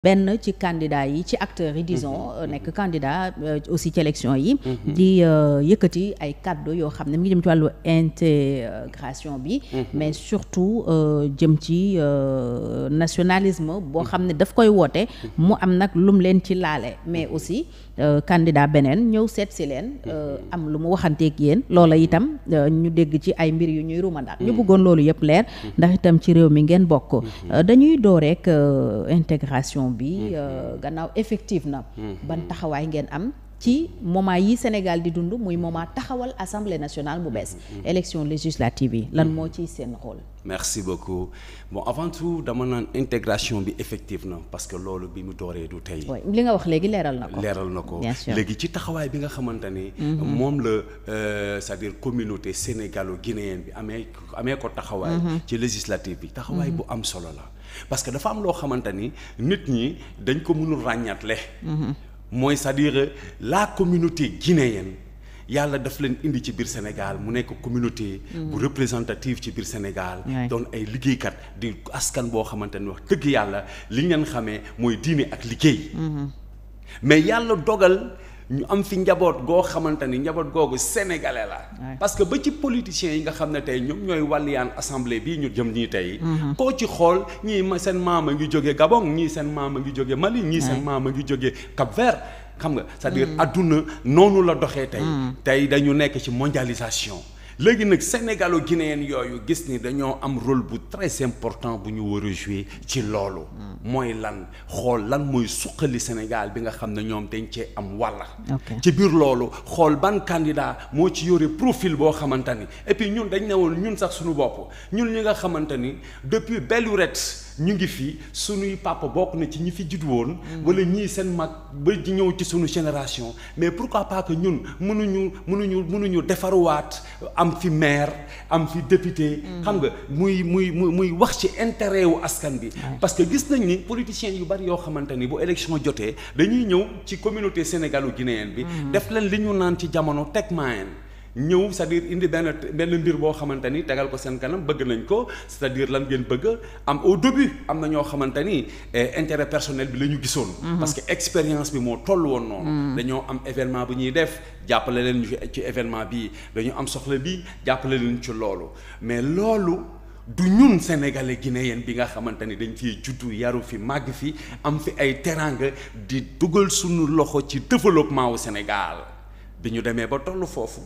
benn ci candidat yi ci acteur yi disons mhm. euh, nekk candidat euh, aussi ci élection yi mhm. di euh, yëkkati ay kàddu yoo xam ne mi ngi jëm ci wàllu intégration bi mhm. mais surtout jëm ci nationalisme boo xam ne daf koy woote mu am nag lum leen ci laale mais aussi candidat beneen ñëw seet si leen am lu mu waxanteeg yéen loola itam ñu dégg ci ay mbir yu ñuy rumandaat ñu bëggoon loolu yëpp leer ndax itam ci réew mi ngeen bokk dañuy doo rek intégration gestion bi mhm. euh, gannaaw effective na mhm. ban taxawaay ngeen am ci moment yi Sénégal di dund muy moment taxawal assemblée nationale bu bees mhm. élection législative yi lan moo ciy seen xool merci beaucoup bon avant tout dama naan intégration bi effective na parce que loolu bi mu dooree du tey li nga wax léegi leeral na ko leeral na ko léegi ci taxawaay bi nga xamante ni moom la euh, c'est-à-dire communauté sénégalo-guinéenne bi amee amee ko taxawaay ci législative bi taxawaay bu am solo la parce que dafa am loo xamante ni nit ñi dañ ko mënul ràññaatle mooy cest laa dire la communauté guinéenne yàlla daf leen indi ci biir Sénégal mu nekk communauté. bu mm. représentative ci biir Sénégal. doon ay liggéeykat di askan boo xamante ni wax dëgg yàlla li ñu leen xamee mooy diine ak liggéey. Mm-hmm. mais yàlla dogal. ñu am fi njaboot goo xamante ni njaboot googu sénégalais la parce que ba ci politiciens yi nga xam ne tey ñoom ñooy wàlliyaan assemblée bii ñu jëm nii tey mhm. koo ci xool ñii seen a ngi jóge Gabon ñii seen maama ngi jóge Mali ñii seen maama ngi jóge Cap-Vert xam nga c'est-à-dire mm. adduna noonu la doxee tey mm. tey dañu nekk ci mondialisation léegi nag sénégalo guinéen yooyu gis ni dañoo am rôle bu très important bu ñu war a jouer ci loolu mooy lan xool lan mooy suqali Sénégal bi nga xam ne ñoom dañ cee am wàlla ci biir loolu xool ban candidat moo ci yore profil boo xamante ni et puis ñun dañ ne woon ñun sax suñu bopp ñun ñi nga xamante ni depuis belle lurette ñu ngi fi sunuy papa bokk na ci ñi fi judd woon. wala ñii seen mag ba di ñëw ci suñu génération mais pourquoi pas que ñun mënuñu mënuñu mënuñu defaruwaat am fi maire am fi député. xam nga muy muy muy muy wax ci intérêt wu askan bi. parce que gis nañ ni politiciens yu bari yoo xamante ni bu élection jotee dañuy ñëw ci communauté sénégalo-guinéenne bi. Mm-hmm. def leen li ñu naan ci jamono teg maayeen ñëw cest à indi benn benn mbir boo xamante ni tegal ko seen kanam bëgg nañ ko cest à lan ngeen bëgg am au début am na ñoo xamante ni eh, intérêt personnel bi la ñu gisoon. Mhm. parce que expérience bi moo toll woon noonu. Mhm. dañoo am événement bu ñuy def jàppale leen ci événement bii dañu am soxla bi jàppale leen ci loolu mais loolu. du ñun sénégalais guinéen bi nga xamante ni dañ fiy juddu yaru fi màgg fi am fi ay teraanga di dugal suñu loxo ci développement wu Sénégal bi ñu demee ba tollu foofu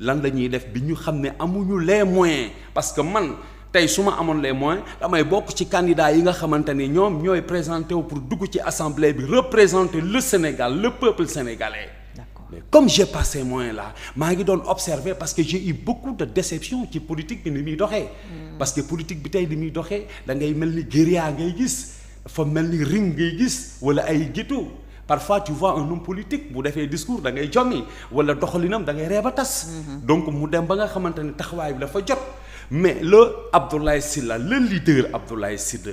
lan la ñuy def bi ñu xam ne amuñu les moyen parce que man tey su ma amoon les moyens damay bokk ci candidats yi nga xamante ni ñoom ñooy présenté wu pour dugg ci assemblée bi représenter le Sénégal le peuple sénégalais. mais comme j'ai pas ces moyens là maa ngi doon observer parce que j'ai eu beaucoup de déception ci politique bi ni muy doxee. Hmm. parce que politique bi tey ni muy doxee da ngay mel ni guérilla ngay gis dafa mel ni ring ngay gis wala ay ghetto. parfois tu vois un homme politique bu defee discours da ngay jommi wala doxalinam da ngay a tas. Mhm. donc mu dem ba nga xamante ne taxawaay bi dafa jot. mais le Abdoulaye Sylla le leader Abdoulaye Sylla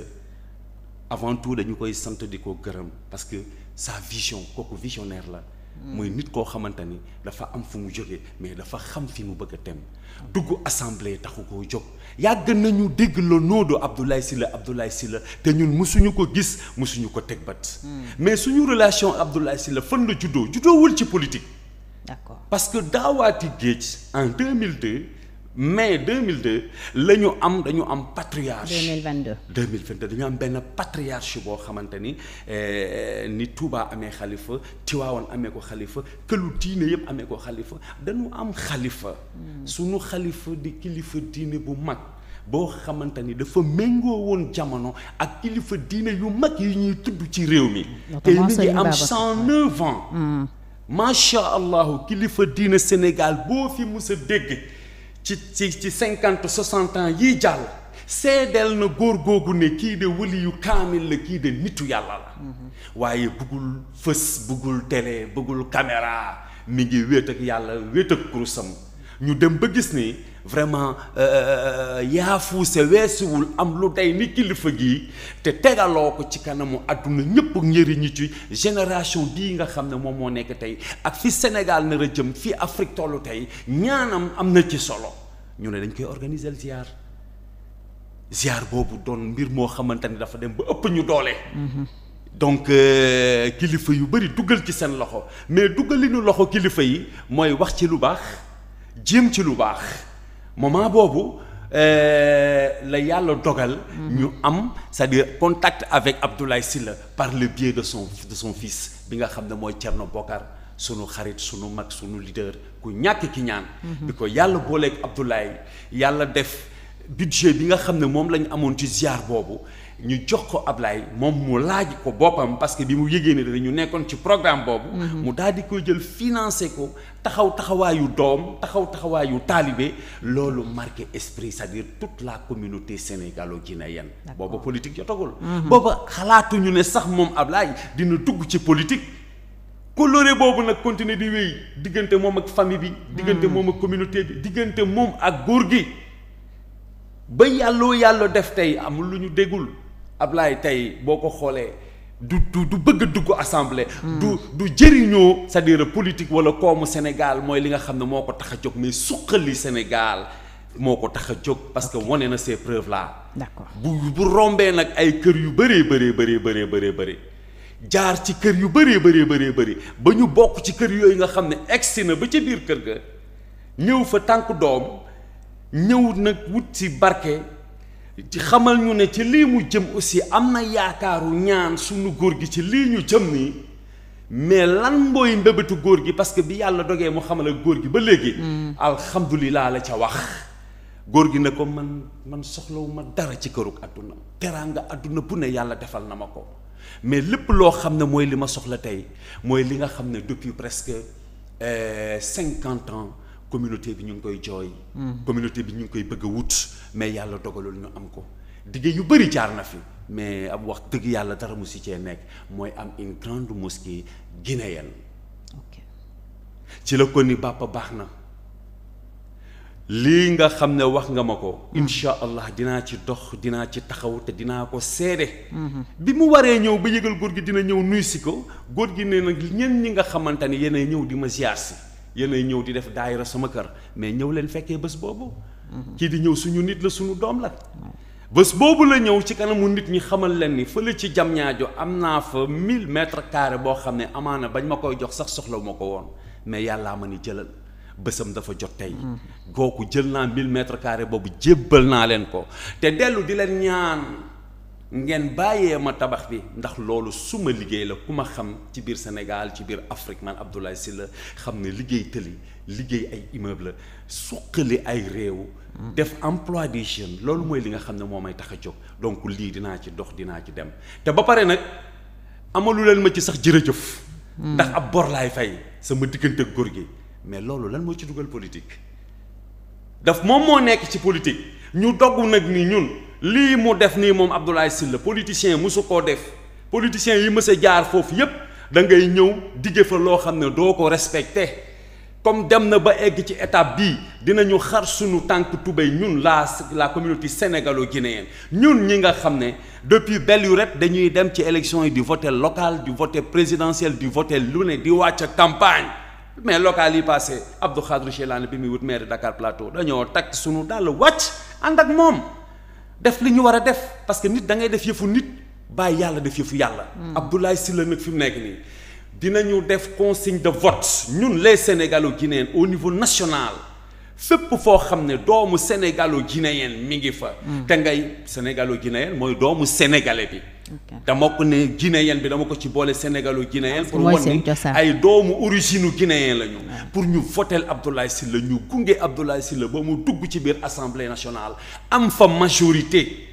avant tout dañu koy sant di koo gërëm parce que sa vision kooku visionnaire la. mooy mm. nit koo xamante ni dafa am fu mu jógee mais dafa xam fi mu bëgg a tem mm. dugg assemblée taxu koo jóg yàgg nañu dégg la noodo Abdoulaye Sylla Abdoulaye Sylla te ñun musuñu ko gis musuñu ko teg bët mm. mais suñu relation Abdoulaye Sylla fan la juddoo juddoowul ci politique d'accord parce que daawaati géej en 2002 mai 2002 la ñu am dañu am patriarche. 2022 2022 dañu am benn patriarche boo xamante ni eh, ni Touba amee xalifa Tiwaawan amee ko xalifa këlu diine yëpp amee ko xalifa dañu am xalifa. Hmm. suñu xalifa di kilifa diine bu mag boo xamante ni dafa méngoo woon jamono ak kilifa diine yu mag yi ñuy tudd ci réew mi. te mi ngi am 109 ans. Hmm. macha allah kilifa diine Sénégal boo fi mus a dégg. ci ci ci cinquante soixante ans yii jàll seedeel na góor googu ne kii de wëli yu kaamil la kii de nitu yàlla la waaye bëggul fës bëggul télé bëggul caméra mi ngi wéet ak yàlla wéet ak kurusam ñu dem ba gis ni vraiment euh, euh, euh, yaafuuse weesuwul am lu day ni kilifa gii te tegaloo ko ci kanamu àdduna ñëpp njëriñu ci génération bii nga xam ne moom moo nekk tey ak fi Sénégal nar a jëm fii Afrique tollu tey ñaanam am na ci solo ñu ne dañ koy organiser ziar ziar boobu doon mbir moo xamante ne dafa dem ba ëpp ñu doole. Mhm. donc kilifa yu bëri dugal ci seen loxo mais duggalinu loxo kilifa yi mooy wax ci lu baax jéem ci lu baax. moment boobu euh, la yàlla dogal. ñu am c'est-à-dire contact avec Abdoulaye Sylla par le biais de son de son fils bi nga xam ne mooy Thierno Bokar sunu xarit sunu mag sunu leader ku ñàkk ki ñaan. Mhm. bi ko yàlla booleeg Abdoulaye yàlla def budget bi nga xam ne moom lañu amoon ci ziar boobu. ñu jox ko ab Ablaye moom mu laaj ko boppam parce que bi mu yëgee ne dañu nekkoon ci programme boobu. Mhm. mu daal di koy jël financé ko taxaw taxawaayu doom taxaw taxawaayu taalibe loolu marqué esprit c'est-à-dire toute la communauté sénégalo-guinéenne. booba politique jotagul. Mhm. booba xalaatuñu ne sax moom ab Ablaye dina dugg ci politique. coloré boobu nag continuer di wéy diggante moom ak famille bi diggante mhm. moom ak communauté bi diggante moom ak góor gi ba yàlloo yàlla def tey amul lu ñu déggul ab Ablaye tey boo ko xoolee du du du bëgg a dugg assemblée. du du jëriñoo c'est-à-dire politique wala koomu Sénégal mooy li nga xam ne moo ko tax a jóg mais suqali Sénégal moo ko tax a jóg parce que wane na see preuves là. bu bu rombee nag ay kër yu bëree bëree bëree bëree bëree bëri. jaar ci kër yu bëree bëree bëree bëri ba ñu bokk ci kër yooyu nga xam ne egsi na ba ca biir kër ga ñëw fa tànk doom ñëw nag wut si barke ci xamal ñu ne ci lii mu jëm aussi am na yaakaaru ñaan suñu góor gi ci lii ñu jëm nii mais lan mooy mbébétu góor gi parce que bi yàlla dogee mu xamal ak góor gi ba léegi mm. alhamdulilah la ca wax góor gi ne ko man man soxlawuma dara ci kërug àdduna teraanga àdduna bu ne yàlla defal na ma ko mais lépp loo xam ne mooy li ma soxla tey mooy li nga xam ne depuis presque euh, cinquante ans communauté bi ñu ngi koy jooy. Hmm. communauté bi ñu ngi koy bëgg wut mais yàlla dogalul ñu am ko dige yu bëri jaar na fi mais ab wax dëgg yàlla dara mu si cee nekk mooy am une grande mosquée guinéenne. ok ci la kon ni bàppa baax na. lii nga xam ne wax nga ma ko hmm. incha allah dinaa ci dox dinaa ci taxaw te dinaa ko seede hmm. bi mu waree ñëw ba yëgal góor gi dina ñëw nuy si ko góor gi ne nag ñenn ñi nga xamante ni yéen a ñëw di ma ziar si yéenay ñëw di def daayira sama kër mais ñëw leen fekkee bés boobu. kii di ñëw suñu nit la suñu doom la. bés boobu la ñëw ci kanamu nit ñi xamal leen ni fële ci jam ñaajo am naa fa 1000 mètres carrés boo xam ne amaana bañ ma koy jox sax soxla ma ko woon mais yàllaa ma ni jëlal bésam dafa jot tey. gooku jël naa 1000 mètres carrés boobu jébbal naa leen ko te dellu di leen ñaan. ngeen bàyyee ma tabax bi ndax loolu suma liggéey la ku ma xam ci biir Sénégal ci biir Afrique man si la xam ne liggéey tëli liggéey ay immeuble la suqali ay réew def emploi des jeunes loolu mooy li nga xam ne moo may tax a jóg donc lii dinaa ci dox dinaa ci dem te ba pare nag amalu leen ma ci sax jërëjëf hmm. ndax ab bor laay fay sama diggante góor gi mais loolu lan moo ci dugal politique daf moom moo nekk ci politique ñu dogg nag ni ñun lii mu def nii moom Abdoulaye Sylla politicien mosu koo def politicien yi mës jaar foofu yépp da ngay ñëw digge fa loo xam ne doo ko respecté comme dem na ba egg ci étape bii dinañu xar suñu tànk tubéy ñun laa la communauté sénégalo-guinéenne ñun ñi nga xam ne depuis belle rek dañuy dem ci élection yi di voter local di voter présidentiel di voter lu ne di wàcc campagne mais local yi passé Abdou Khadrou Chelane bi muy wut maire Dakar Plateau dañoo takk suñu dàll wàcc ànd ak moom def li ñu war a def parce que nit dangay def yëfu nit bàyyi yàlla def yëfu yàlla. Hmm. Abdoulaye Sylla nag fi mu nekk nii dina dinañu def consigne de vote ñun les Sénégalo-Guinéens au niveau nationale sëpp foo xam ne doomu sénégalo guinéen mi ngi fa mm. te ngay sénégalo guinéen mooy doomu sénégalais bi dama ko ne guinéen bi dama ko ci boole sénégalo guinéen ah, pour wan ni ay doomu origine guinéen la ñu ah. pour ñu votel Abdoulaye Sylla ñu gunge Abdoulaye Sylla ba mu dugg ci biir assemblée nationale am fa majorité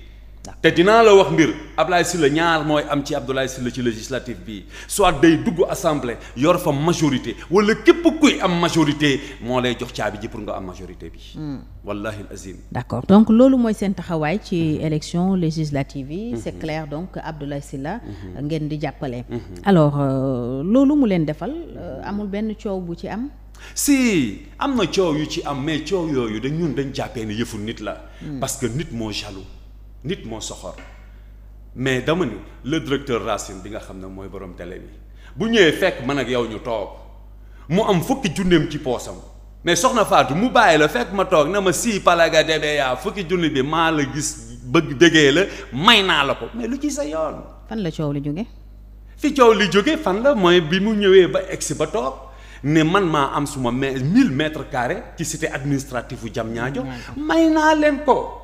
te dinaa la wax mbir Abdoulaye Sylla ñaar mooy am ci Abdoulaye Sylla ci législative bi soit day dugg assemblée yor fa majorité wala képp kuy am majorité moo lay jox caabi ji pour nga am majorité bi. Hmm. wallahi azim. d'accord donc loolu mooy seen taxawaay ci hmm. élection législative yi. Hmm. c'est clair donc Abdoulaye Sylla. ngeen di jàppale. alors euh, loolu mu leen defal euh, amul benn coow bu ci am. si am na coow yu ci am mais coow yooyu dañ ñun dañ jàppee ne yëfu nit la. parce que nit moo jaloux. nit moo soxor mais dama ni le directeur Racine bi nga xam ne mooy boroom tele bi bu ñëwee fekk man ak yow ñu toog mu am fukki junneem ci poosam mais soxna faatu mu bàyyi la fekk ma toog na ma sii palaga fukki junni bi maa la gis bëgg déggee la may naa la ko mais lu ci sa yoon. fan la coow li li jóge fan mooy bi mu ñëwee ba egsi ba toog ne man maa am suma ma mille mètres carrés ci cité administrative u Diamniadio mm-hmm. may naa leen ko.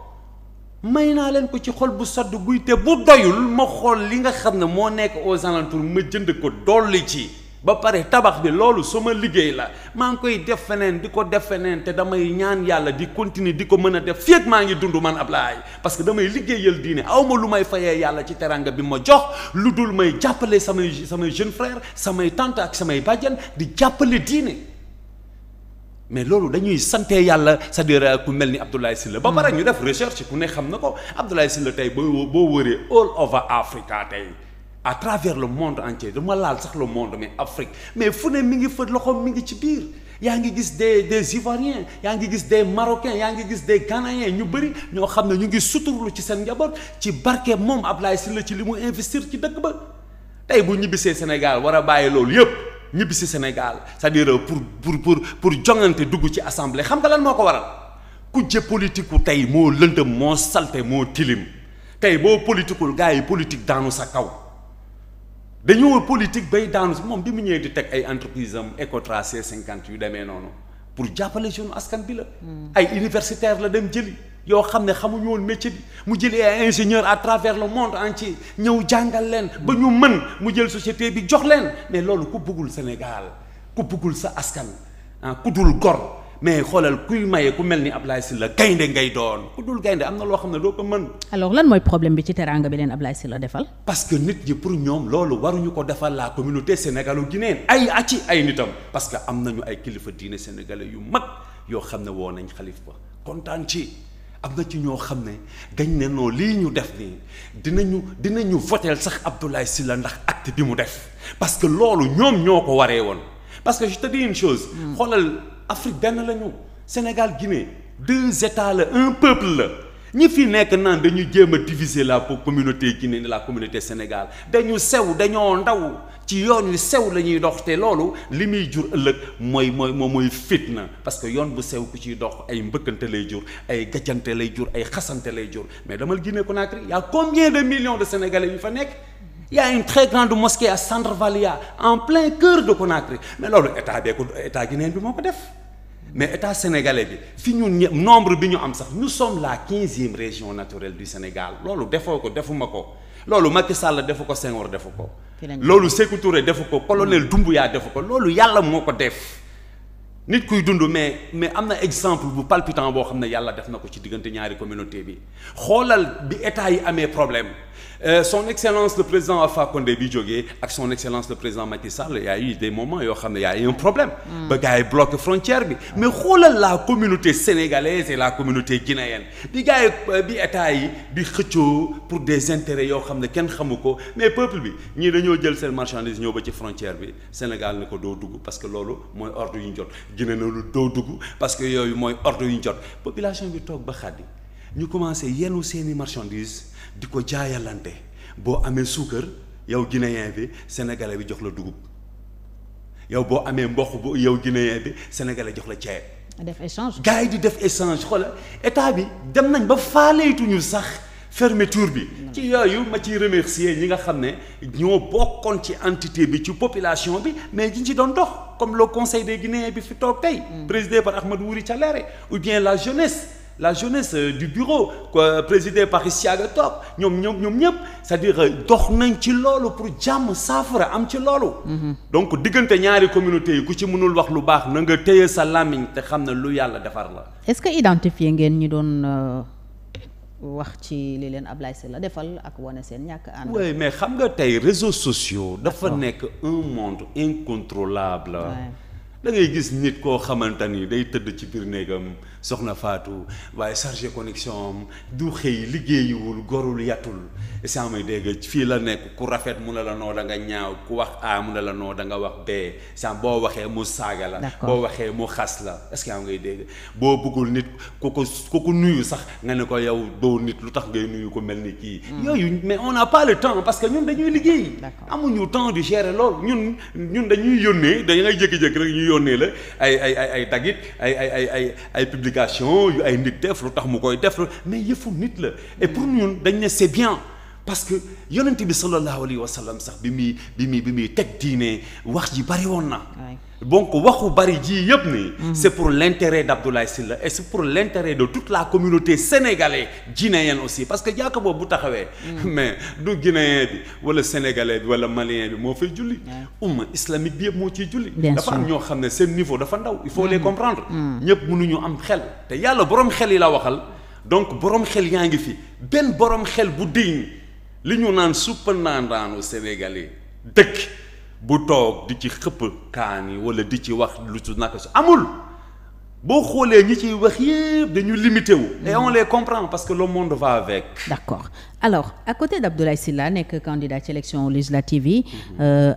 may naa leen ko ci xol bu sadd buy te bu doyul ma xool li nga xam ne moo nekk aux alentours ma jënd ko dolli ci ba pare tabax bi loolu su ma liggéey la maa ngi koy def feneen di ko def feneen te damay ñaan yàlla di continuer di ko mën a def fii maa ngi dund man ab Ablaye parce que damay liggéeyal diine aw ma lu may fayee yàlla ci teranga bi ma jox lu dul may jàppale samay samay jeune frère samay tante ak samay bàjjan di jàppale diine. mais loolu dañuy sante yàlla c'est-à-dire euh, ku mel ni Abdoulaye Sylla ba pare mm-hmm. ñu def recherche ku ne xam na ko Abdoulaye Sylla tey boo boo wëree all over Africa tey à travers le monde entier dama laal sax le monde mais Afrique mais fu ne mi ngi fa loxo mi ngi ci biir yaa ngi gis des des Ivoiriens yaa ngi gis de Marocains yaa ngi gis de Ghanéens ñu bëri ñoo xam ne ñu ngi suturlu ci seen njaboot ci barke moom Abdoulaye Sylla ci li mu investir ci dëkk ba tey bu ñibbisee Sénégal war a bàyyi loolu yëpp ñibbi si Sénégal cest à pour pour pour pour jongante dugg ci assemblée xam nga lan moo ko waral kujje politique ku tey moo lëntam moo salte moo tilim tey boo politikul gars yi politique daanu sa kaw dañoo politique bay daanu moom bi mu ñëwee di teg ay entreprise am Ecotra C50 yu demee noonu pour jàppale jeune askan bi la. Hmm. ay universitaire la dem jëli. yoo xam ne xamuñu woon métier mu jël ay ingénieur à travers le monde entier ñëw jàngal leen ba ñu mën mu jël société bi jox leen mais loolu ku buggul Sénégal ku buggul sa askan ah ku dul gor mais xoolal kuy maye ku mel ni Ablaye la gaynde ngay doon ku dul gaynde am na loo xam ne doo ko mën. alors lan mooy problème bi ci teraanga bi leen Ablaye la defal. parce que nit ñi pour ñoom loolu waruñu ko defal la communauté sénégalo-guinéenne ay aci ay nitam parce que am nañu ay kilifa diine sénégalais yu mag yoo xam ne woo nañ xalif ba kontaan ci. am na ci ñoo xam ne dañ ne non lii ñu def nii dinañu dinañu voteel sax Abdoulaye Sylla ndax acte bi mu def parce que loolu ñoom ñoo ko waree woon parce que je te dis une chose. Hmm. xoolal Afrique benn lañu Sénégal Guinée deux états la un peuple la. ñi fi nekk naan dañu jéem a diviser la communauté guinéenne la communauté Sénégal dañu sew dañoo ndaw ci yoon yu sew la ñuy dox te loolu li muy jur ëllëg mooy mooy moom mooy fitna parce que yoon bu sew ku ciy dox ay mbëkkante lay jur ay gàccante lay jur ay xasante lay jur mais damal Guinée Conakry y a combien de million de Sénégalais yu fa nekk y a une très grande mosquée à Sandravalia en plein cœur de Conakry mais loolu état bee ko état guinéen bi moo ko def mais état sénégalais bi fi ñun nombre bi ñu am sax nous sommes la quinzième région naturelle du Sénégal loolu defoo ko defuma ko loolu Macky Sall defu ko Senghor defu ko. loolu Sékou Touré defu ko colonel yaa defu ko loolu yàlla moo ko def. nit kuy dund mais mais am na exemple bu palpitant boo xam ne yàlla def na ko ci diggante ñaari communauté bi xoolal bi état yi amee problème euh, son excellence le président Alpha Condé bi jógee ak son excellence le président Macky Sall y a eu yoo xam ne y a eu un problème. Hmm. ba gars yi bloqué frontière bi. mais xoolal la communauté sénégalaise et la communauté guinéenne bi gars yi euh, bi état yi bi xëccoo pour des intérêts yoo xam ne kenn xamu ko mais peuple bi ñii dañoo jël seen marchandise ñëw ba ci frontière bi Sénégal ne ko doo dugg parce que loolu mooy ordre jot. gine na lu doo dugg parce que yooyu mooy ordre yu ñu jot population bi toog ba xàddi ñu commencé yenu seeni marchandise di ko jaayalante boo amee suukar yow guinéen bi sénégalais bi jox la dugub yow boo amee mboq bu yow guinéen bi sénégalais jox la ceeb. def échange yi di def échange xoola état bi dem nañ ba faaleetuñu sax. fermeture bi ci yooyu ma ciy remercier ñi nga xam ne ñoo bokkoon ci entité bi ci population bi mais ñi ci doon dox comme le conseil des Guinéens bi fi toog tey présidé par Ahmed Wuri Thialéré ou bien la jeunesse la jeunesse euh, du bureau quoi présidé par Isiaga Top ñoom ñoom ñoom ñëpp c'est-à-dire euh, dox nañ ci loolu pour jàmm saafara am ci loolu. Mhm. donc diggante ñaari communauté yi ku ci mënul wax lu baax na nga téye sa làmmiñ te xam ne lu yàlla defar la. est-ce que identifier wax ci li leen Ablaye la defal ak wane seen ñàkk ànd. oui mais xam nga tey réseaux sociaux. dafa nekk un monde incontrôlable. Ouais. da ngay gis nit koo xamante ni day tëdd ci biir néegam soxna faatu waaye chargé connexion am du xëy liggéeyiwul gorul yatul saa may dégg fii la nekk ku rafet mu ne la noo da nga ñaaw ku wax A mu ne la noo da nga wax B saa boo waxee mu saaga la. boo waxee mu xas la est-ce que ngay dégg boo bëggul nit ku ko ku nuyu sax nga ne ko yow doo nit lu tax ngay nuyu ko mel ni kii. Hmm. yooyu mais on n'a pas le temps parce que ñun dañuy liggéey. amuñu temps di gérer loolu ñun ñun dañuy yónnee da ngay jékki-jékki rek yónnee la ay ay ay ay ay ay ay ay ay publication ay nit def lu tax mu koy def mais yëfu nit la et pour ñun dañ ne c'est bien parce que yonent bi sallallahu alayhi wa sallam sax bi muy bi muy bi muy teg diine wax ji bari woon na donc waxu bari jii yëpp ni mhm. c'est pour l'intérêt d'Abdoulaye Sylla et c'est pour l'intérêt de toute la communauté sénégalaise guinéenne aussi parce que jàkka boobu bu taxawee mhm. mais du guinéen bi wala sénégalais bi wala malien bi moo fay julli umma islamique bi yëpp moo ciy julli dafa am ñoo xam ne seen niveau dafa ndaw il faut les comprendre mm. nu ñu am xel te yàlla boroom xel yi la waxal donc boroom xel yaa ngi fi benn boroom xel bu diñ li ñu naan suppandaandaanu sénégalais dëkk bu toog di ci xëpp kaani wala di ci wax lu su naka amul boo xoolee ñi ciy wax yëpp dañu limité wu. et on les comprend parce que le monde va avec. d' accord alors à côté d' Abdoulaye Sylla nekk candidat ci élection législative yi. Mhm. Euh,